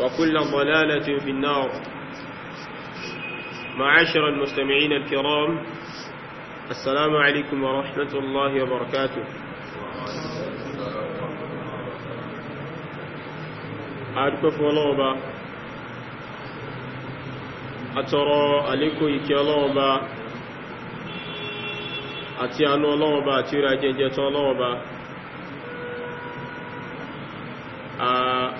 وكل ضلالة في النار معاشر المستمعين الكرام السلام عليكم ورحمة الله وبركاته أعرف ولوبا أترى عليكم يكيلوبا àti àánú ọlọ́wọ́ba àti ìrìnàjẹjẹ tán ọlọ́wọ́ba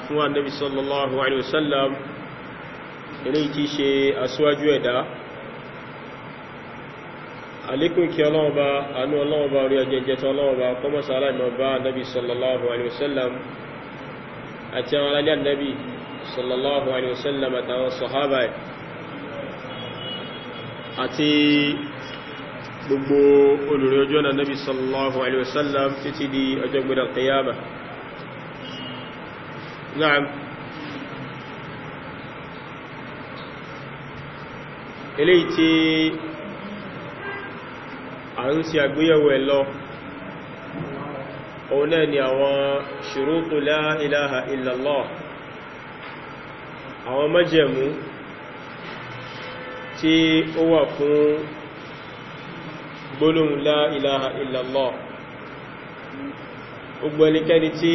fún annabi sallallahu alaihi wasallam eléyìí tí ṣe aṣíwájú ẹ̀dá alékún kí ọlọ́ọ̀bá anú ọlọ́ọ̀bá orí ọjẹ́jẹta ọlọ́ọ̀bá kọmọ̀sára ìmọ̀bá annabi sallallahu alaihi wasallam àti àwọn alálẹ́ annabi sallallahu alaihi wasallam àtàwọn sọ̀hábà àti gbogbo olùrí ọjọ́ na nabi sallallahu alaihi wasallam títí di ọjọ́ gbẹ̀dà qiyamah نعم eléyìí tí a ń ṣe àgbéyẹ̀wò ẹ̀ lọ òun náà ni àwọn ṣurutu la ilaha illallah àwọn májẹ̀mú tí ó wà fún gbólóhùn la ilaha gbogbo ẹnikẹ́ni tí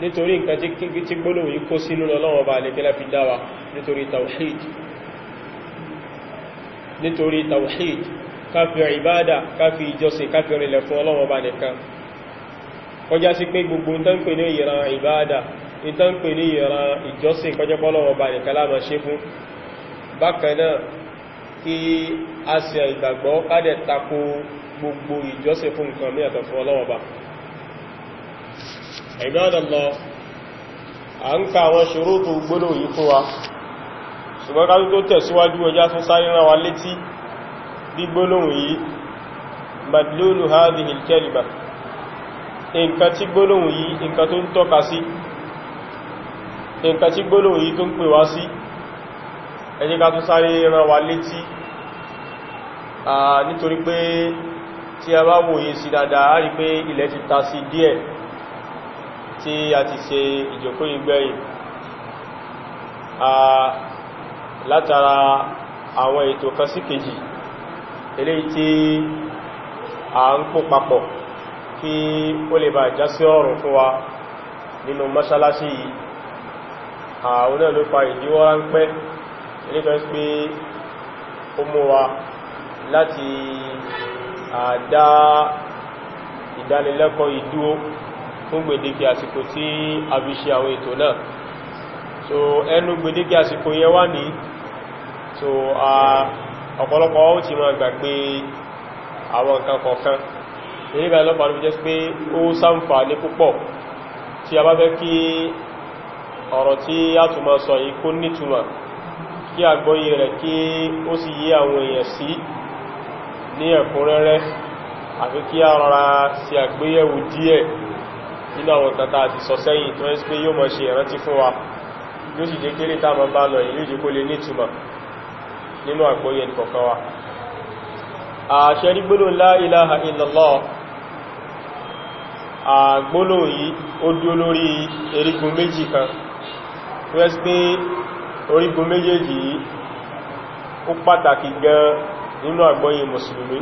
nítorí nǹkan tí gbólóhùn yí kó sínú lọ́wọ́ bá alẹ́kẹ́lá fi dáwà nítorí tawhid nítorí tawhid káfí ìbádà káfí ìjọsìn káfí rìnlẹ̀ fún ọlọ́wọ́ bá nìkan kọjá sí pé gbogbo ìtànpè ní ìran ìbádà ìtànpè ní ìran ìjọsìn kọjẹ́pọ́lọ́wọ́ bá nìkan láàmà ṣe fún bákanáà kí a sì ìgbàgbọ́ kádẹ̀ tako gbogbo ìjọsìn fún nǹkan mí Ibadallah a ń ka àwọn ṣòrótò gbónà yìí wa ṣùgbọ́n ká tó tẹ̀síwájú sáré wa létí bí gbónà yìí madlulu hadhihi al-kalima nǹkan tí gbónà yìí nǹkan tó ń tọ́ka sí nǹkan tí gbónà yìí tó ń pè wá sí ẹjẹ́ ká sáré wa létí nítorí pé tí a bá wòye sí dáadáa rí pé ilẹ̀ ti ta sí tí a ti ṣe ìjòkó ìgbẹ̀yìn látara àwọn ètò kan sí kejì eléyìí tí a ń kó papọ̀ kí ó lè bá jásí ọ̀rùn fún wa nínú mọ́ṣálásí yìí àwọn náà ló fa ìdíwọ́ ránpẹ́ nítorí pé ó mú wa láti àdá ìdánilẹ́kọ̀ọ́ ìdúó fún gbèdéke àsìkò tí a fi ṣe àwọn ètò náà so ẹnu gbèdéke àsìkò yẹn wà ní so a ọ̀pọ̀lọpọ̀ ó ti máa gbà pé àwọn nǹkan kọ̀ọ̀kan nígbà lọ́pàá ló jẹ́ pé ó sáǹfà ní púpọ̀ tí a bá fẹ́ kí ọ̀rọ̀ tí a tún máa sọ yìí kó nítumọ̀ kí àgbọ́yé rẹ̀ kí ó sì yí àwọn èèyàn sí ní ẹ̀kúnrẹ́rẹ́ àfi kí a rọra sí àgbéyẹ̀wò díẹ̀ nínú àwọn kàtà àti sọ̀sẹ́yìn tó ẹ́sì pé yóò mọ̀ ṣe ìrántí fún wa yóò sì jẹ́ kéré tàbí bá lọ ìlú ìdíkó lè nítumọ̀ nínú àgbóyẹ nìkọ̀kan wa àṣẹ rí gbólóhùn la ilaha illallah àgbólóhùn yìí ó dúó lórí erigun méjì kan tó ẹ́sì pé orígun méjèèjì yìí ó pàtàkì gan nínú àgbóyẹ mùsùlùmí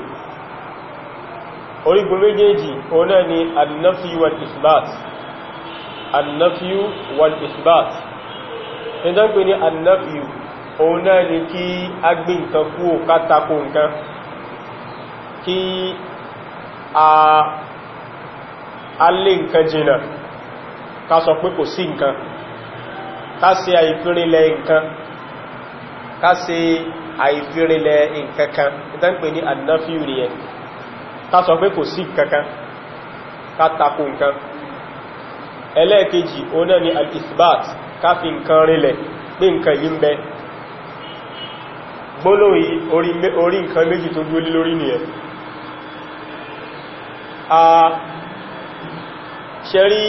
orígun méjèèjì ọ̀nà ni annafiyu wal isbat annafiyu wal isbat ìdánpé ni annafiyu ọ̀nà ni kí agbí nǹkan kú kátàkù nǹkan kí a alé nǹkan jìnà ká sọ pé kò sí nǹkan ká ṣe àìfìrinlẹ̀ nǹkan ká ṣe àìfìrinlẹ̀ nǹkan kan ìdánpé ni annafiyu ni ká sọ pé kò sí kankan ká takò nǹkan ẹlẹ́ẹ̀kejì oná ni al-isbat ká fi nǹkan rinlẹ̀ pé nǹkan yí ń bẹ gbólóhùn orí nǹkan méjì tó gbólé lórí nìyẹn a ṣẹ́rí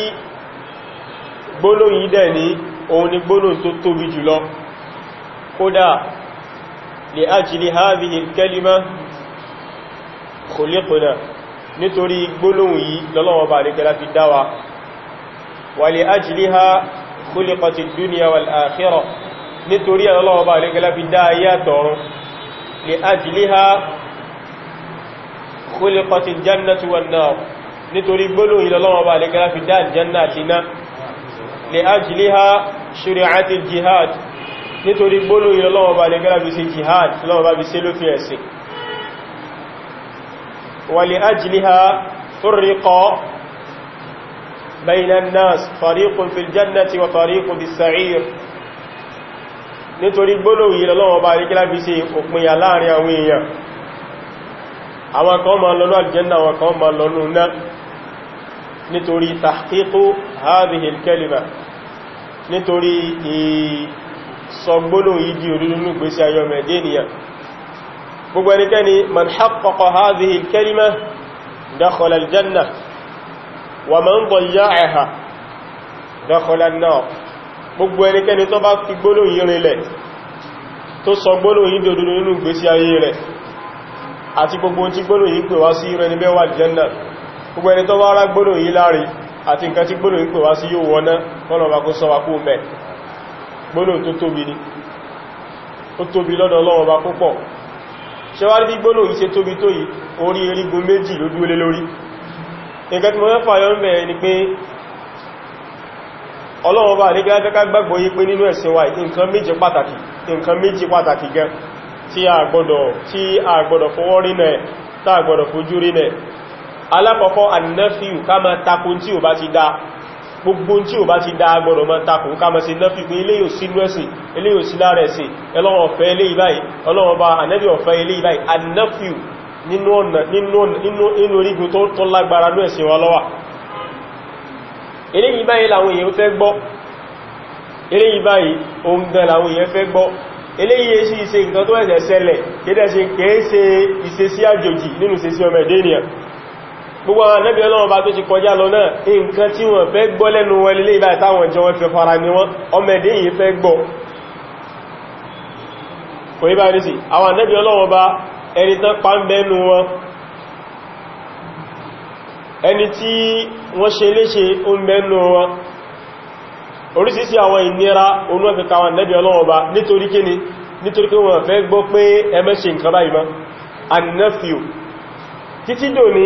gbólóhùn yìí dẹ̀ ní òun ni gbólóhùn tó tóbi jùlọ kódà li ajli hadhihi al-kalima kòlíkùnà nítorí gbólóhùn yìí lọ́lọ́wọ́ bá àríkẹ́lá fi dáwà wà lè ájìlí ha kòlíkọtí dúnìyà wà l'áàkírọ̀ nítorí lọ́lọ́wọ́ bá àríkẹ́lá fi dá ayé àtọ̀run lè ájìlí ha kòlíkọtí jannatu wà náà nítorí gbólóhùn yìí lọ́lọ́wọ́ bá àríkẹ́lá fi dá jihad nítorí bá àríkẹ́lá fi ṣe fi ẹ̀sìn ولأجلها فرق بين الناس فريق في الجنة وفريق في السعير nítorí gbólóhùn yìí lọ́wọ́ bá rí kí láti ṣe òpinya láàrin àwọn èèyàn àwọn kan ma lọ́nà aljanna àwọn kan ma lọ́nà náà nítorí tahqiqu hadhihi al nítorí ìsọgbólóhùn yìí di òdúdú ní ìgbésí ayọ́mẹ̀dé gbogbo ẹnikẹ́ni man haqqaqa hadhihi al-kalima dakhala al-janna wa man dayya'aha dakhala an-nar gbogbo ẹnikẹ́ni tó bá fi gbólóhùn rinlẹ̀ tó sọ gbólóhùn dòdòdó nínú ìgbésí ayé rẹ̀ àti gbogbo tí gbólóhùn pè wá sí rẹ̀ níbẹ̀ wà janna gbogbo ẹni tó bá rá gbólóhùn láre àti nǹkan tí gbólóhùn pè wá sí yóò wọ́ná kọ́nà kó sọ wa kú ṣẹwárí bí gbónà yìí ṣe tóbi tó yìí orí erigun méjì ló dúó lé lórí nǹkan tí mo fẹ́ fàyọ ń bẹ̀rẹ̀ ni pé ọlọ́run bá nígbà fẹ́ ká gbàgbọ́ yí pé nínú ẹ̀sìn wa nǹkan méjì pàtàkì nǹkan gbogbo tí ò bá ti dá agbọ́dọ̀ máa takò ká mọ́ sí lọ́fí pé ilé yóò sí lọ́ẹ̀sì ilé yóò sí lára ẹ̀sì Ọlọ́run ò fẹ́ ilé ìbáyìí Ọlọ́run bá ànẹ́bì ò fẹ́ ilé ìbáyìí annafiu nínú orígun tó lágbára ní ẹ̀sìn wa lọ́wà ilé ìbáyìí làwọn gbogbo àwọn ànábì Ọlọ́run bá tó ti kọjá lọ náà nǹkan tí wọ́n fẹ́ gbọ́ lẹ́nu wọn lílé ìbáyìí táwọn jọ wọ́n fẹ́ fara ní wọ́n ọmọdé yìí fẹ́ gbọ́ kò yí bá rí sí àwọn ànábì Ọlọ́run bá ẹni tán pa ń ṣe nǹkan báyìí mọ́ títí dò ní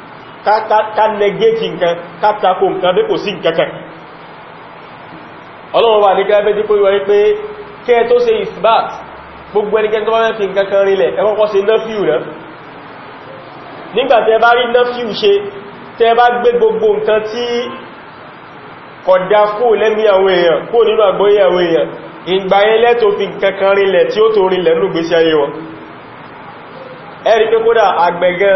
ká negate nǹkan ká tako nǹkan bí kò sí nǹkankan ọlọ́run wà ní gẹ́gẹ́ tí kó yọ wípé kẹ́ tó ṣe isbat gbogbo ẹnikẹ́ni tó bá mẹ́fì nǹkankan rílẹ̀ ẹ kọ́kọ́ ṣe nọ́fíù rẹ̀ nígbàtẹ́ bá rí nọ́fíù ṣe tẹ́ bá gbé gbogbo nǹkan tí kọ̀dá kó lẹ́mí àwọn èèyàn kó nínú àgbóyé àwọn èèyàn ìgbà ilẹ̀ tó àgbẹ̀gẹ́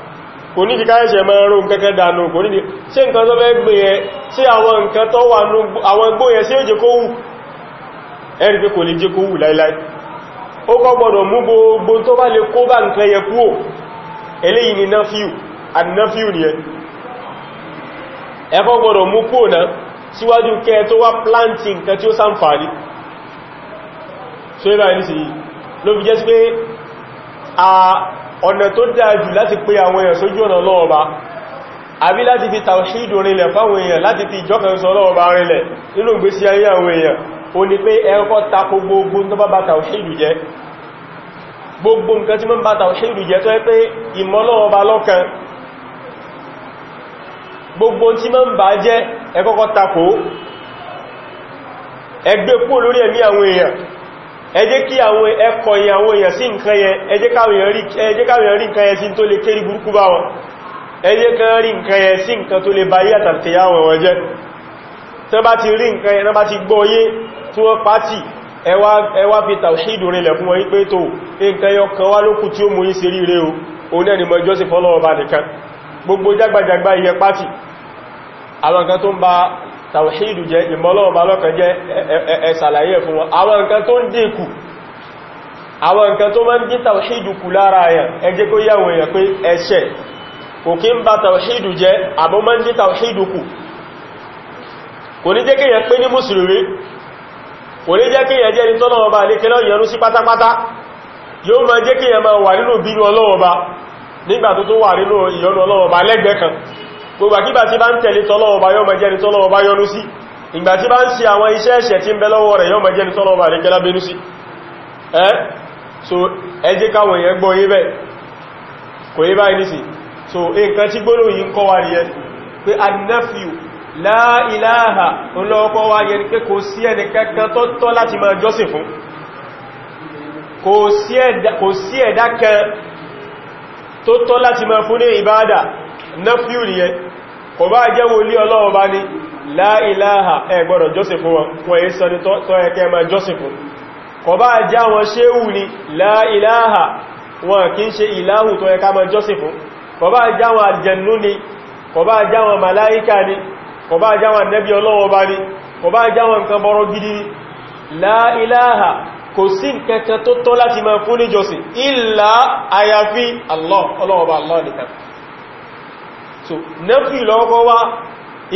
kò ní ti káyẹ̀ ṣe mọ́ ẹrùn kẹ́kẹ́ dànù kò ní ti ṣe nǹkan tó fẹ́ gbé yẹn sí àwọn nǹkan tó wà ní àwọn igbó yẹn sí èjì kó wù ẹ̀rì pé kò lè jẹ́ kó wù láíláí ó kọ́ gbọ́dọ̀ mú gbogbo tó bá lè kó bá nǹkan yẹ ni ọ̀nà tó dájú láti pé àwọn èèyàn sójú ọ̀nà lọ́ọ̀bá àbí láti fi tàwíṣìdò rinlẹ̀ fáwọn èèyàn láti fi ìjọkànsọ lọ́ọ̀bá rinlẹ̀ nínú ìgbésí ayé àwọn èèyàn o ní pé ẹ̀kọ́ tako gbogbo tó bá bá tàwíṣìdò jẹ́ gbogbo nǹkan tí mọ́n bá tàwíṣìdò jẹ́ tó ẹ́ pé ìmọ́lọ́ọ̀bá lọ́kan gbogbo tí mọ́n bá jẹ́ ẹ̀kọ́kọ́ tako ẹgbẹ́ kúrò lórí ẹ̀mí àwọn ẹ jẹ́ kí àwọn ẹkọ̀ ìyàwó èèyàn sí nǹkan yẹn ẹ jẹ́ káwọn rí nǹkan yẹn sí tó lè kérí burúkú bá wọn ẹ jẹ́ kan rí nǹkan yẹn sí nǹkan tó lè báyé àtàtẹ̀yà wọn wọ́n jẹ́ tí wọ́n bá ti rí nǹkan yẹn bá ti gbọ́yé tí wọ́n pàtì ẹwà fi tàwíìdù rinlẹ̀ fún wọn wípé tó nǹkan yọ kan wá lókù tàwàhídù jẹ́ ìmọ́lọ́ọ̀bá lọ́kàn jẹ́ ẹ̀sàlàyé fún wọn àwọn nǹkan tó ń dínkù àwọn nǹkan tó máa ń dín tàwàhídù kù lára àyàn ẹjẹ́ kó yàwó èèyàn pé ẹ̀ṣẹ̀ kò kí ń bá tàwàhídù jẹ́ àmọ́ máa ń dín tàwàhídù kù gbogbo àkíbà tí bá ń tẹ̀lé tọ́lọ́wọ́ bá yọ́ mẹ́jẹ́ni tọ́lọ́wọ́ bá yọ́nú sí ìgbà tí bá ń ṣe àwọn iṣẹ́ ẹ̀ṣẹ̀ tí ń bẹ lọ́wọ́ rẹ̀ yọ́ mẹ́jẹ́ni tọ́lọ́wọ́ bá rẹ̀ gẹ́lá so ẹjẹ́ káwọn èèyàn gbọ́ so nǹkan tí gbóòlò yìí ń kọ́ wa la ilaha ńlọ́ọ̀kọ́ wa yẹn pé kò sí ẹni kankan tó tọ́ láti máa jọ́sìn fún kò ní ìbáadà nafiu nìyẹn kò bá jẹ́ wòlí Ọlọ́run bá ní láìláha ẹgbọ́dọ̀ jọ́sìn fún wọn wọ́n yí sọ ní tọ́ ẹkẹ́ ma jọ́sìn fún kò bá jẹ́ wọn ṣéwù ní láìláha wọn kí ń ṣe ìláhù tó ẹka ma jọ́sìn fún kò bá jẹ́ wọn àjẹ̀nú ní kò bá jẹ́ wọn màláíkà ní kò bá jẹ́ wọn nẹ́bí Ọlọ́run bá ní kò bá jẹ́ wọn nǹkan bọ́rọ̀ gidi ní láìláha so nẹ́fì lọ́kọ́ wá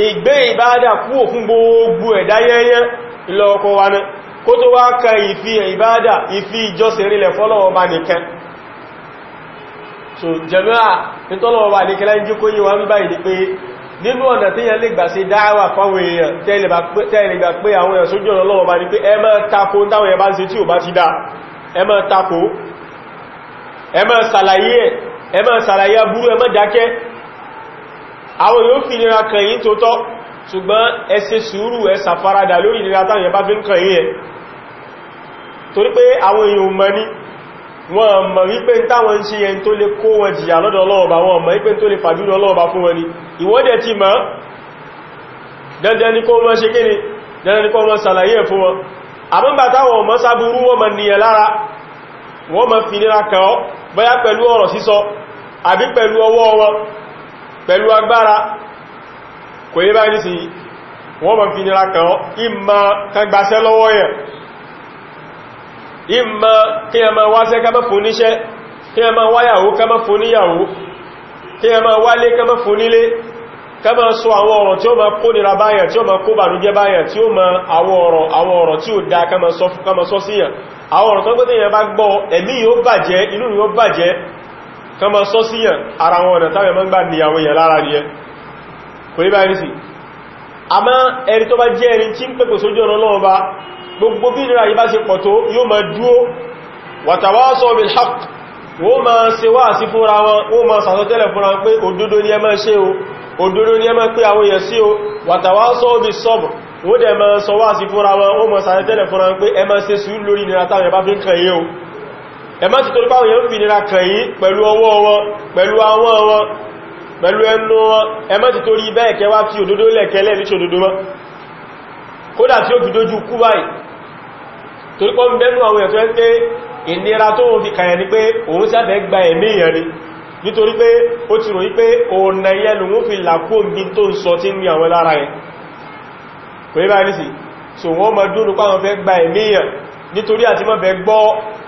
ìgbé ìbádà kúò fún gbogbo ẹ̀dá yẹ́yẹ́ lọ́kọ́ wá ní kó tó wá ka ìfi ìbádà ìfi ìjọsìn rílẹ̀ fọ́lọ́wọ́ bá nìkan so jẹ́mẹ́à nítọ́lọ́wọ́ bá nìkan láìjí kó yíwa ń báyìí ni pé nínú ọ̀nà tí yẹn lè gbà sí dáwà fáwọn èèyàn tẹ́lẹ̀ gbà pé àwọn èèyàn sójú ọ̀nà lọ́wọ́ bá ní pé ẹ má tako táwọn èèyàn bá ń ṣe tí ò bá ti dá ẹ má tako ẹ má ṣàlàyé ẹ má ṣàlàyé aburú ẹ má dákẹ́ àwọn yóò fi ìnira kàn yín tó tọ́ ṣùgbọ́n ẹ ṣe sùúrù ẹ ṣàfaradà lórí ìnira táwọn yẹn bá fi ń kàn yín ẹ torí pé àwọn èèyàn mọ̀ ní wọ́n mọ̀ wípé táwọn ṣe yẹn tó lè kó wọn jìyà lọ́dọ̀ ọlọ́ọ̀bá wọn mọ̀ wípé tó lè fàjúrú ọlọ́ọ̀bá wọ́n mọ̀ pẹ̀lú agbára kò yí báyìí sí wọ́n ma fi nira kan ìmọ̀ kan gbáṣẹ́ lọ́wọ́ yẹn ìmọ̀ kí ẹ ma wáṣẹ́ ká mọ́ Kama kí ma wáyàwó kama ma wálé kama kama sọ àwọn ọ̀rọ̀ tí ó ma kó nira báyàn tí ó ma kó bànújẹ́ báyàn tí ó ma àwọn ọ̀rọ̀ tí ó dá sọ síyàn àwọn ọ̀rọ̀ kan ma sọ síyàn ara wọn ọ̀nà táwọn ẹ̀mọ́gbà ní àwọn èèyàn lára rí ẹ kò ní báyìí sí a má ẹni tó bá jẹ́ ẹni tí ń pẹ̀pẹ̀ sójú ọ̀nà náà bá gbogbo bí nira yìí bá ṣe pọ̀ tó yóò ma dúó watawasaw bil haqq wọ́n ma ṣe wá sí fúnra wọn wọ́n ma sàtọ́tẹ́lẹ̀ fúnra pé òdodo ni ẹ máa ṣe o òdodo ni ẹ máa pé àwọn èèyàn sí o watawasaw bis sabr wọ́n dẹ̀ ma sọ wá sí fúnra wọn wọ́n ma sàtọ́tẹ́lẹ̀ ẹmá ti torí báwọn èèyàn fi nira kàyí pẹ̀lú ọwọ́ wọn pẹ̀lú àwọn wọn pẹ̀lú ẹnu wọn ẹmá ti torí bẹ́ẹ̀ kẹwàá fi òdodo lẹ́kẹlẹ́ ní ṣòdodo mọ́ kódà tí ó fi dójú kú báyìí torí pọ́ mẹ́nu àwọn èèyàn tó ẹ́ pé ìnira tó wọ́n fi kàyà ní pé òun sábẹ̀ gba ẹ̀mí èèyàn ni nítorí pé ó ti ròyìn pé àti mọ́ fẹ́ gbọ́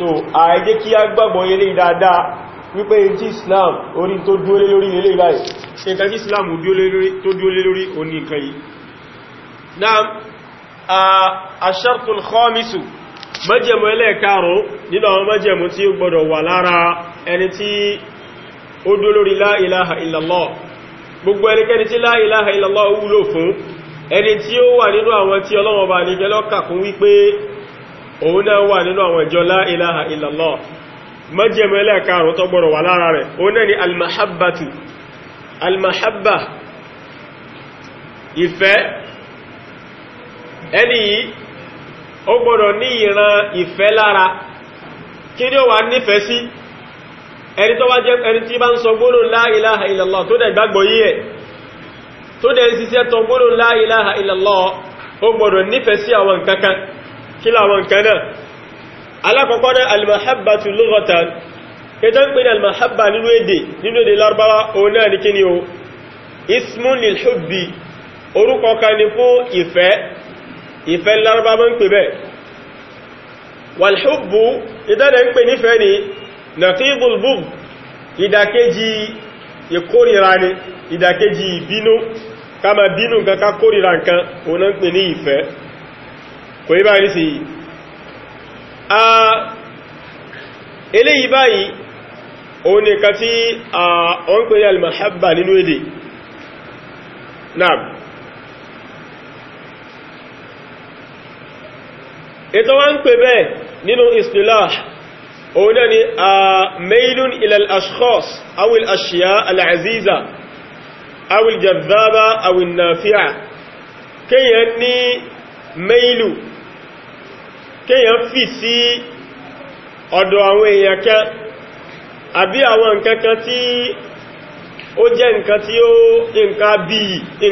so àìjẹ́ kí a gbàgbọ́ ilé dáadáa wípé tí Islam orí tó dúólé lórí ilé báyìí nǹkan tí Islam tó dúólé lórí òní nǹkan yìí naam ash-shartul khamisu májẹ̀mú ẹlẹ́ẹ̀kárùn nínú àwọn májẹ̀mú tí ó gbọdọ̀ wà lára ẹni tí ó dúó lórí la ilaha illallah gbogbo ẹnikẹ́ni tí la ilaha illallah wúlò fún ẹni tí ó wà nínú àwọn tí Ọlọ́hun bá ní fún wípé òun náà wà nínú àwọn ìjọ la ilaha illallah mọ́jẹ̀mẹ́lẹ̀ karùn tó gbọ́rọ̀ wà lára rẹ̀ òun náà ni almahabbatu almahabba ìfẹ́ ẹni yìí ó gbọ́rọ̀ ní ìran ìfẹ́ lára kí ni ó wà nífẹ̀ẹ́ sí ẹni tó wá jẹ́ ẹni tí bá ń sọ gbọ́rọ̀ la ilaha tó dẹ̀ gbàgbọ́ yí ẹ̀ tó dẹ̀ ń ṣiṣẹ́ tọ gbọ́rọ̀ la ilaha ó gbọ́rọ̀ nífẹ̀ẹ́ sí àwọn kankan kí láwọn nǹkan náà alákọ̀ọ́kọ́ náà almahabbatu lughatan kẹta ń pè ní almahabba nínú èdè nínú èdè lárúbáwá òun náà ní kí ni o ismun lil hubbi orúkọ kan ní fún ìfẹ́ ìfẹ́ lárúbáwá ń pè bẹ́ẹ̀ wal hubbu ìdánà ń kò yí báyìí sí eléyìí báyìí òun ni kan tí wọ́n pè ní almahabba nínú èdè náà ètò wọ́n pè bẹ́ẹ̀ nínú istilah òun náà ni a mailun ilal ashkhos awil ashiya al'aziza awil jazaba awil nafi'a kíyàn ní mailu kéèyàn fi sí ọ̀dọ̀ àwọn èèyàn kan àbí àwọn nǹkan kan tí ó jẹ́ nǹkan tí ó nǹkan bí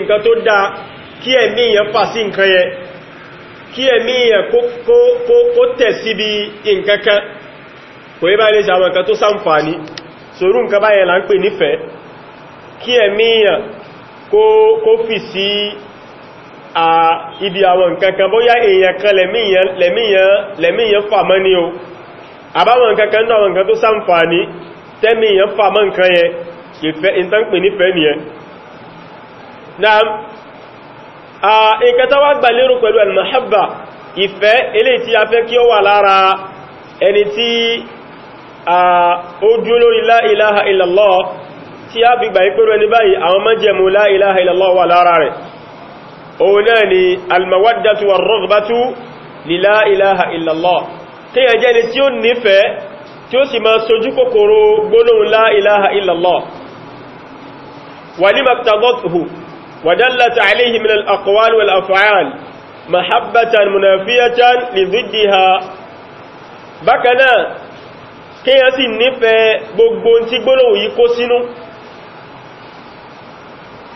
nǹkan tó emi kí ẹ̀mí èèyàn fà sí nǹkan ya kí ẹ̀mí èèyàn kó tẹ̀ síbi nǹkan kan kò yí báyìí lè àwọn nǹkan tó ṣàǹfààní sòrú nǹkan ki là ń pè nífẹ̀ẹ́ kí fi sí à ibi àwọn nǹkan kan bóyá èèyàn kan lẹ̀míyàn fàmọ́ ní o àbáwọn nǹkan kan náà nǹkan tó sáǹfàní tẹ́míyàn fàmọ́ nǹkan yẹn ìfẹ́ ìtànpè nífẹ́ nìyẹn náà nǹkan tó wá gbà lérò pẹ̀lú al-mahabba ìfẹ́ eléyìí tí a fẹ́ kí ó wà lára ẹni tí ó dúró lórí la ilaha illallah tí a fi gbà ìpẹ́rù ẹni báyìí àwọn májẹ̀mú la ilaha illallah wà lára rẹ̀ òun náà ni almawaddatu wa rọ́gbátú lílá ìláha ìlàlọ́ kí yẹn jẹ́ ni tí ó nífẹ̀ẹ́ tí ó sì máa sojú kòkòrò gbólóhùn lá ìláha ìlàlọ́ wà ní maktagọ́tù wàdálàtà aléhìm al-aqwal wal-af'al mahabbatan munafiyatan li ziddiha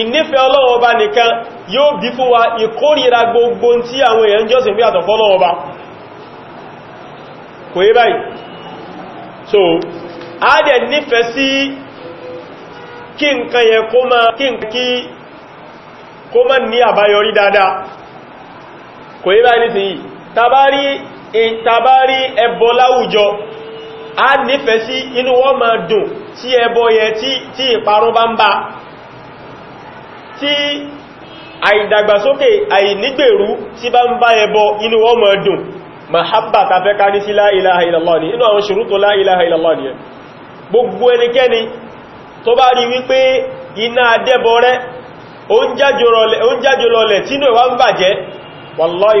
ìnífẹ́ ọlọ́wọ́ ọba nìkan yóò bí fún wa ìkórìíra gbogbo tí àwọn èèyàn jọ́sìn bí àtọ̀fọ́ ọba kò báyìí so a dẹ̀ nífẹ́ sí kí nǹkan yẹ kó má kí kí kó má ní àbáyọrí dáadáa kò báyìí a nífẹ́ sí inú máa dùn tí ẹbọ yẹ tí ìparun tí àìdàgbàsókè àìnígbèrú tí bá ń bá ẹbọ inú wọn mọ̀ dùn mahabba tafẹ́ ká ní sí la ilaha illallah ni inú àwọn ṣùrútò la ilaha illallah ni gbogbo ẹnikẹ́ni tó bá rí wípé iná adẹ́bọ rẹ ó lọlẹ̀ tínú ẹ̀wà ń bàjẹ́ wallahi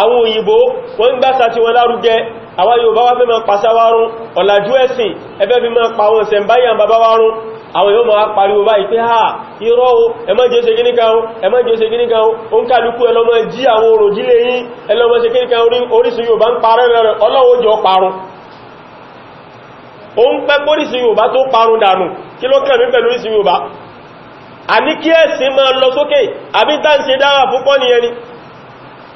àwọn òyìnbó wọ́n ń gbásà tí wọ́n lárugẹ àwọn Yorùbá wá fẹ́ ma pàṣáwárún ọ̀làjú ẹ̀sìn ẹfẹ́ fi ma pa wọn sẹ̀mbáyàn babáwárún àwọn yóò máa pariwo báyìí pé ha irọ́ o ẹmọ́jẹ́ ṣe gíníkan o ẹmọ́jẹ́ ṣe gíníkan o o ń kàlùkù ẹlọ́mọ jí àwọn òròjílé yìí ẹlọ́mọ ṣe gíníkan orísun Yorùbá ń parẹ́ rẹ̀ ọlọ́wọ́jọ́ parun o ń pẹ́ pórísun Yorùbá tó parun dànù kí ló kẹ̀mí pẹ̀lú a ní kí ẹ̀sìn máa lọ sókè àbí tá ń ṣe dára púpọ̀ nìyẹn ni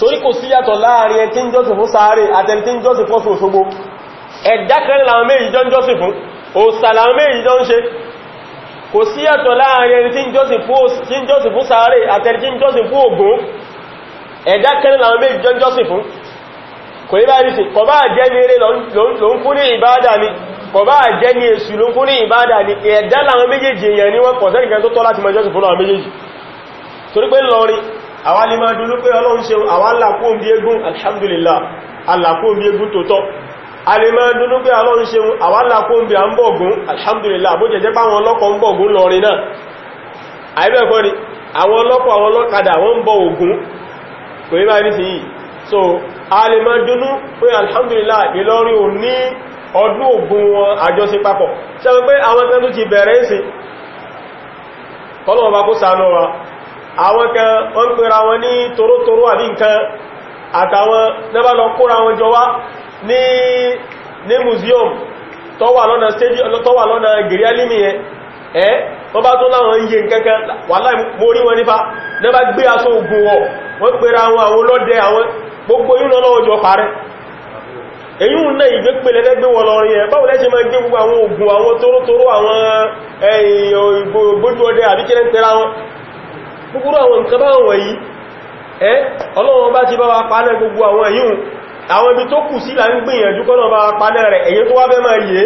torí kò sí yàtọ̀ láàrin ẹ tí ń jọ́sìn fún sáré àtẹni tí ń jọ́sìn fún Òṣogbo ẹ̀dá kan làwọn méjì jọ ń jọ́sìn fún òsà làwọn méjì jọ ń ṣe kò sí yàtọ̀ láàrin ẹni tí ń jọ́sìn fún sáré àtẹni tí ń jọ́sìn fún Ògún ẹ̀dá kan làwọn méjì jọ ń jọ́sìn fún kò ní báyìí sí kọ̀bá jẹ́ ní eré ló ń fún ní ìbádà ni kọ̀bá jẹ́ ní èṣù ló ń fún ní ìbádà ni ẹ̀dá làwọn méjèèjì èèyàn ni wọ́n kọ̀sẹ́nìkan tó tọ́ láti mọ́ jọ́sìn fún àwọn méjèèjì torí pé àwa lè máa dúnú pé ọlọ́run ṣe àwa làkóhùn bí egún alhamdulillah alàkóhùn bí egún tó tọ́ a dúnú pé ọlọ́run ṣe àwa làkóhùn bí a ń bọ̀gún alhamdulillah bó jẹjẹ pá àwọn ọlọ́kọ̀ ń bọ̀gún lọrin náà àìbẹ̀kọ́ ni àwọn ọlọ́kọ̀ àwọn ọlọ́kadà wọ́n ń bọ Ògún kò ní báyìí so a lè máa alhamdulillah Ìlọrin ò ní ọdún Ògún wọn àjọsí papọ̀ ṣe wọ́n pé àwọn tẹ́lú ti bẹ̀rẹ̀ ń sin àwọn kan wọ́n ń pèrà wọn ní torótoró àbí nǹkan àtàwọn nẹ́bà lọ kóra wọn jọ wá ní ní museum tó wà lọ́nà stadium tó gẹ̀rẹ́lìmì yẹn ẹ́ wọ́n bá tó láwọn ń yẹ mórí wọn nípa nẹ́bà gbé aṣọ ògùn wọ̀ wọ́n pèrà wọn àwọn gbogbo yìí lọ́lọ́wọ́ jọ parẹ́ èyí ń náà ìgbé pèlẹ̀ lẹ́gbẹ́ wọ lọ rí ẹ báwo lẹ́ṣe máa gbé gbogbo àwọn ògùn àwọn toro àwọn ẹ̀yìn ògbójú ọdẹ àbíkẹ́lẹ́ ń tẹ́ra gbogbo àwọn nǹkan bá wọ̀nyí ẹ́ ọlọ́run bá ti bá wa palẹ̀ gbogbo àwọn ayiwu àwọn ibi tó kù sí là ń gbìyànjú kọ́nà bá wa a rẹ̀ èyí tó wá fẹ́ máa yìí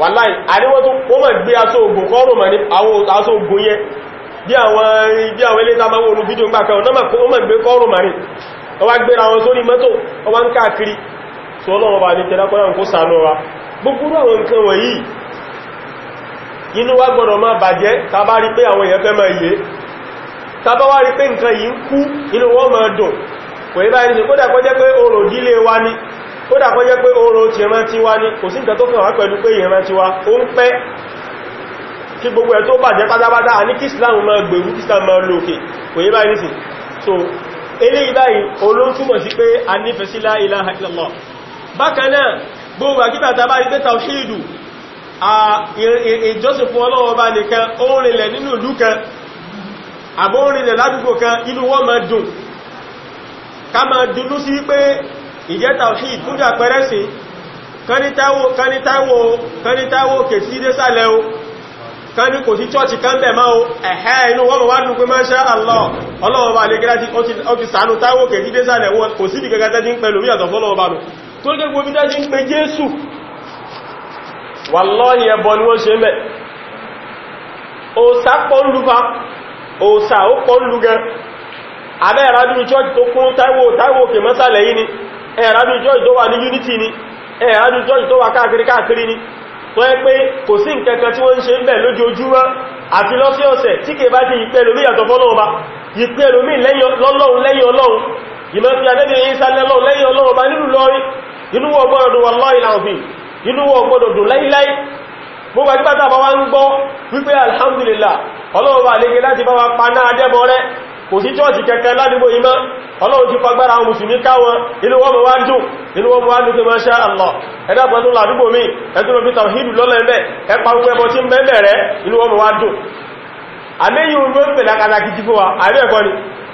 wàláì àríwọ́ tó ó mọ̀ gbé aṣọ ògùn kọ́rùn mà ní àwọn aṣọ ògùn yẹn bí àwọn ibi àwọn ilé tá máa wọ́n inú wa gbọ́dọ̀ máa bàjẹ́ tàbá rí pé àwọn èèyàn fẹ́ máa yé tàbá wá rí pé nǹkan yìí ń kú inú wọ́n máa dùn kò ní báyìí kó dàkọ́ jẹ́ pé orò dílé wa ní kó dàkọ́ jẹ́ pé orò ti rántí wa ní kò sí nǹkan tó kàn pẹ̀lú pé ìrántí wa ó ń pẹ́ kí gbogbo ẹ̀ tó bàjẹ́ pátápátá a ní kí Islam máa gbèrú so eléyìí báyìí olóńtúmọ̀ sí pé a nífẹ̀ẹ́ sí la ilaha illallah bákan náà gbogbo E, e, e, ìjọsìn fún ọlọ́wọ́ bá nìkan ó rìnlẹ̀ nínú ìlú kan àbó rìnlẹ̀ ládùúgbò kan inú wọ́n máa dùn ká máa dùnú sí pé ìjẹta òṣì ìkúndà pẹ́rẹ́sì kánítáwò kèsí dé sálẹ̀ o káni kò sí chọ́ọ̀chì kan bẹ̀ ma o ẹ̀hẹ́ inú wọ́n wá dùn pé máa ṣá si wàlọ́ọ̀hì ẹbọ ni wọ́n ṣe ń bẹ̀ òsà pọ́nlúfà òsà ó pọ́nlú abẹ́ ẹ̀rádùn church tó kún táíwò táíwò kè mọ́sàlẹ̀ ni ẹ̀rádùn church tó wà ní unity ni ẹ̀rádùn church tó wà káàkiri káàkiri ni tó yẹ kò sí nǹkankan tí wọ́n ń ṣe ń bẹ̀ lójoojúmọ́ àti ọ̀sẹ̀ tí kè bá ti ìpẹ́ lómi yàtọ̀ fọ́lọ́ọba ìpẹ́ lómi lọ́lọ́run lẹ́yìn ọlọ́run ìmọ̀ fi adẹ́bìnrin sálẹ́lọ́run lẹ́yìn ọlọ́run inú ọgbọ́n ọdún wà inú wọn gbọdọ̀ dùn láíláí gbogbo àjíbátà bá wá ń gbọ́ wípé alhamdulillah ọlọ́run wà lè láti bá wa pa náà dẹ́bọ̀ rẹ̀ kò sí chọ́ọ̀sì kẹ̀kẹ́ ládùgbò ìmọ́ ọlọ́run ti fagbára àwọn mùsùlùmí káwọn inú wọn wá dùn inú wọn wá dùn kí máa ṣá àlọ́ mi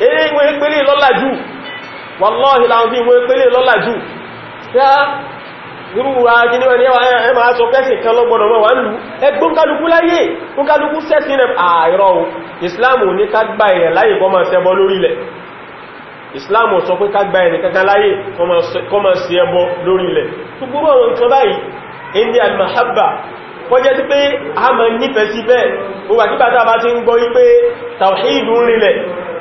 èyí wọ́n pèlè lọ́lá jù wàláhì láàrín wọ́n pèlè lọ́lá jù yá gúrùwà gíníwà ní ẹmà aṣọ pẹ́sìn kan lọ́gbọ̀nà wọ́n wọ́n lú ẹgbọ́n kálukú láyé fún kálukú sẹ́sìn rẹ̀ àìrọ̀ ìsìláàmù ní kágbà ẹ̀ láyé kọ́ máa ṣẹbọ lórí ilẹ̀ ìsìláàmù sọ pé kágbà ẹ̀ kankan láyé kọ́ máa ṣẹbọ lórí ilẹ̀ tó gbogbo àwọn nǹkan báyìí indi kọjẹ́ sí pé a máa nífẹ̀ẹ́ sí bẹ́ẹ̀ gbogbo àkíbàtà bá ti ń gbọ́ wípé tàwíìdù ń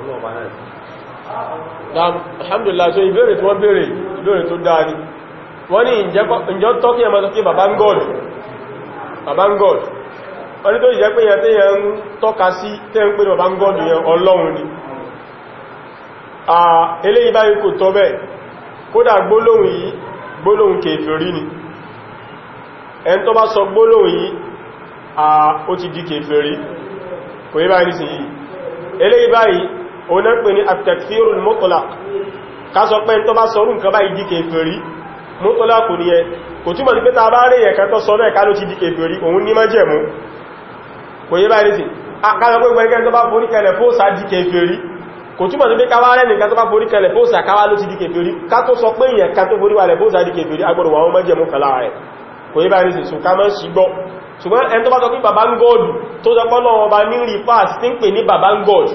ọlọ́ọ̀bá so ìbéèrè tí wọ́n béèrè ìbéèrè tó dáa ni wọ́n ní ìjọ tọ́kí ẹmọ́ tọ́kí baba ń gọ́ọ̀d bàbá pe gọ́ọ̀d wọ́n ní tó ìjẹ́ pé yẹn baba ń tọ́ka sí tẹ́ ń pè bàbá ń gọ́ọ̀d yẹn ni eléyìí báyìí kò ti di onápẹ̀ ní at-takfirul mutlaq ká sọ pé tó bá sọrún nǹkan bá ìdí kèfèrí mutlaq kò ní ẹ kò túnmọ̀ sí pé ta bá rí ẹ̀kan tó sọ náà ká ló ti di kèfèrí òun ní májẹ̀mú kò yé báyìí sí akára pé gbẹ̀rẹ̀ tó bá forí kẹlẹ̀ fóòsà di kèfèrí kò túnmọ̀ sí pé ká wá rẹ̀ nìkan tó bá forí kẹlẹ̀ fóòsà káwá ló ti di kèfèrí ká tó sọ pé ìyẹn ká tó forí wà lẹ̀ fóòsà di kèfèrí agbọ̀rọ̀ wọn ṣùgbọ́n ẹni tó bá sọ pé bàbá ń gọ́ọ̀dù tó sọ pọ́nà ọba ní rí pass tí ń pè ní bàbá ń gọ́ọ̀dù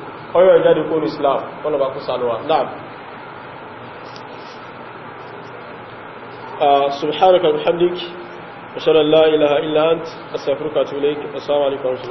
ọyọ̀ ìjáde kó ní Islam wọ́n lọ́bàá kó sànúwà náà uh, subhanaka bihamdik wa shalla la ilaha illa ant astaghfiruka wa atubu ilayk assalamu alaikum